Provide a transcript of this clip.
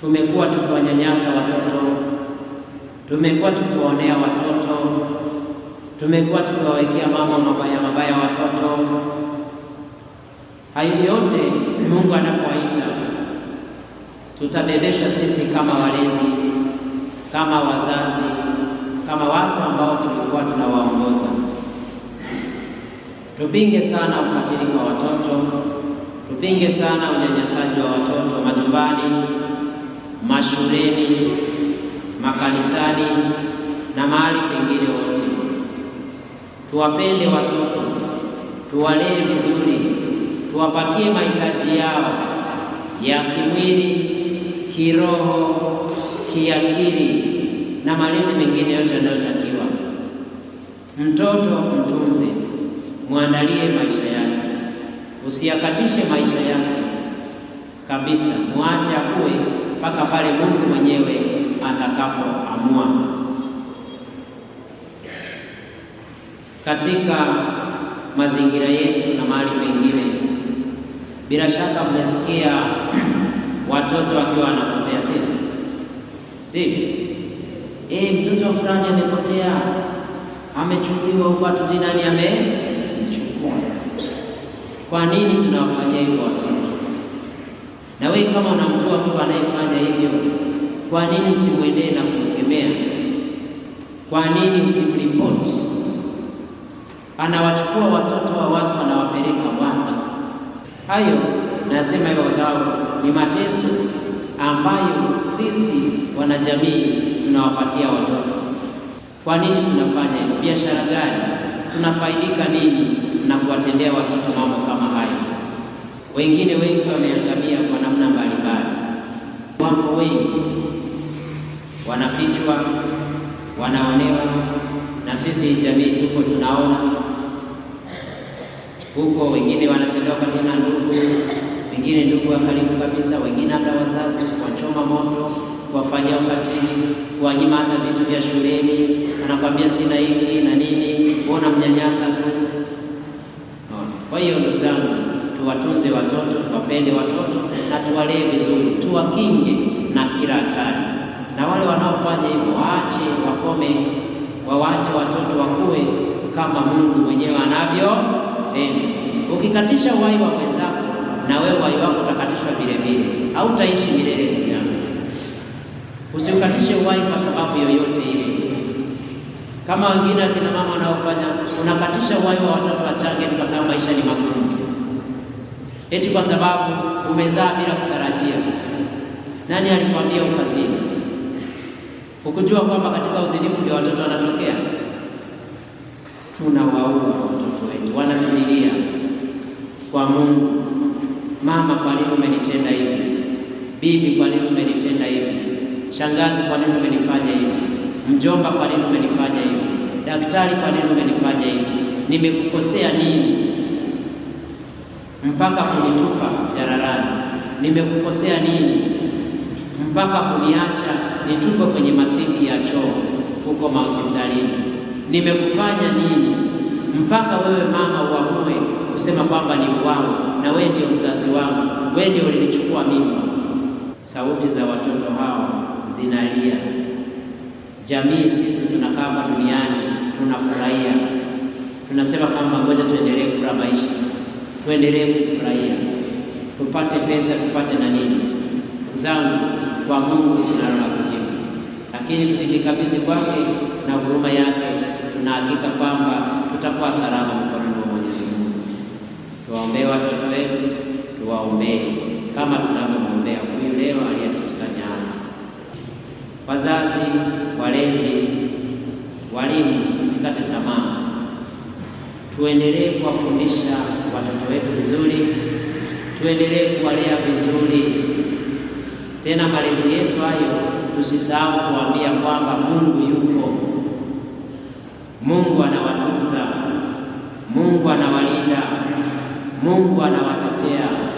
Tumekuwa tukiwanyanyasa watoto, tumekuwa tukiwaonea watoto, tumekuwa tukiwawekea mambo mabaya mabaya watoto. Hayo yote Mungu anapowaita tutabebeshwa sisi kama walezi, kama wazazi, kama watu ambao tulikuwa tunawaongoza. Tupinge sana ukatili kwa watoto, tupinge sana unyanyasaji wa watoto majumbani mashuleni, makanisani na mahali pengine wote. Tuwapende watoto, tuwalee vizuri, tuwapatie mahitaji yao ya kimwili, kiroho, kiakili na malezi mengine yote yanayotakiwa. Mtoto mtunze, mwandalie maisha yake, usiyakatishe maisha yake kabisa, mwache akuwe mpaka pale Mungu mwenyewe atakapoamua. Katika mazingira yetu na mahali pengine, bila shaka mmesikia watoto wakiwa wanapotea, sivyo? Sivyo? E, eh, mtoto fulani amepotea, amechukuliwa huko, hatujui nani amemchukua. Kwa nini tunawafanyia hivyo watoto? Na wewe kama unamjua mtu anayefanya hivyo, kwa nini usimwendee na kumkemea? Kwa nini usimripoti? Anawachukua watoto wa watu anawapeleka wapi? Hayo nasema hivyo kwa sababu ni mateso ambayo sisi wanajamii tunawapatia watoto. Kwa nini tunafanya hivyo? Biashara gani? Tunafaidika nini na kuwatendea watoto mambo kama hayo? Wengine wengi wameangamia wako wengi wanafichwa, wanaonewa, na sisi jamii tuko tunaona huko, wengine wanatendewa tena ndugu, wengine ndugu wa karibu kabisa, wengine hata wazazi, kuwachoma moto, kuwafanyia ukatili, kuwanyima hata vitu vya shuleni, anakwambia sina hiki na nini, kuona mnyanyasa tu. Kwa hiyo ndugu zangu tuwatunze watoto, tuwapende watoto na tuwalee vizuri, tuwakinge na kila hatari. Na wale wanaofanya hivyo waache, wakome, wawache watoto wakue kama Mungu mwenyewe anavyopenda. Ukikatisha uhai wa mwenzako, na wewe uhai wako utakatishwa vile vile, hautaishi milele duniani. Usiukatishe uhai kwa sababu yoyote ile, kama wengine akina mama wanaofanya, unakatisha uhai wa watoto wachanga kwa sababu maisha ni magumu eti kwa sababu umezaa bila kutarajia. Nani alikwambia ukazini? Ukujua kwamba katika uzinifu ndio watoto wanatokea? Tunawaua watoto wetu, wanatulilia kwa Mungu, mama, kwa nini umenitenda hivi? Bibi, kwa nini umenitenda hivi? Shangazi, kwa nini umenifanya hivi? Mjomba, kwa nini umenifanya hivi? Daktari, kwa nini umenifanya hivi? Nimekukosea nini? mpaka kunitupa jalalani? Nimekukosea nini mpaka kuniacha nitupe kwenye masiki ya choo huko mahospitalini? Nimekufanya nini mpaka wewe mama uamue kusema kwamba ni wangu na wewe ndio mzazi wangu, wewe ndio ulinichukua mimi? Sauti za watoto hao zinalia. Jamii sisi tunakaa duniani tunafurahia, tunasema kwamba ngoja tuendelee kula maisha tuendelee kufurahia, tupate pesa, tupate na nini, zangu kwa Mungu tunalo la kujibu, lakini tukijikabidhi kwake na huruma yake, tunahakika kwamba tutakuwa salama mkononi wa Mwenyezi Mungu. Tuwaombee watoto wetu, tuwaombee kama tunavyomwombea huyu leo aliyetukusanya hapa. Wazazi, walezi, walimu, msikate tamaa, tuendelee kuwafundisha watoto wetu vizuri, tuendelee kuwalea vizuri. Tena malezi yetu hayo, tusisahau kuambia kwamba Mungu yuko, Mungu anawatunza, Mungu anawalinda, Mungu anawatetea.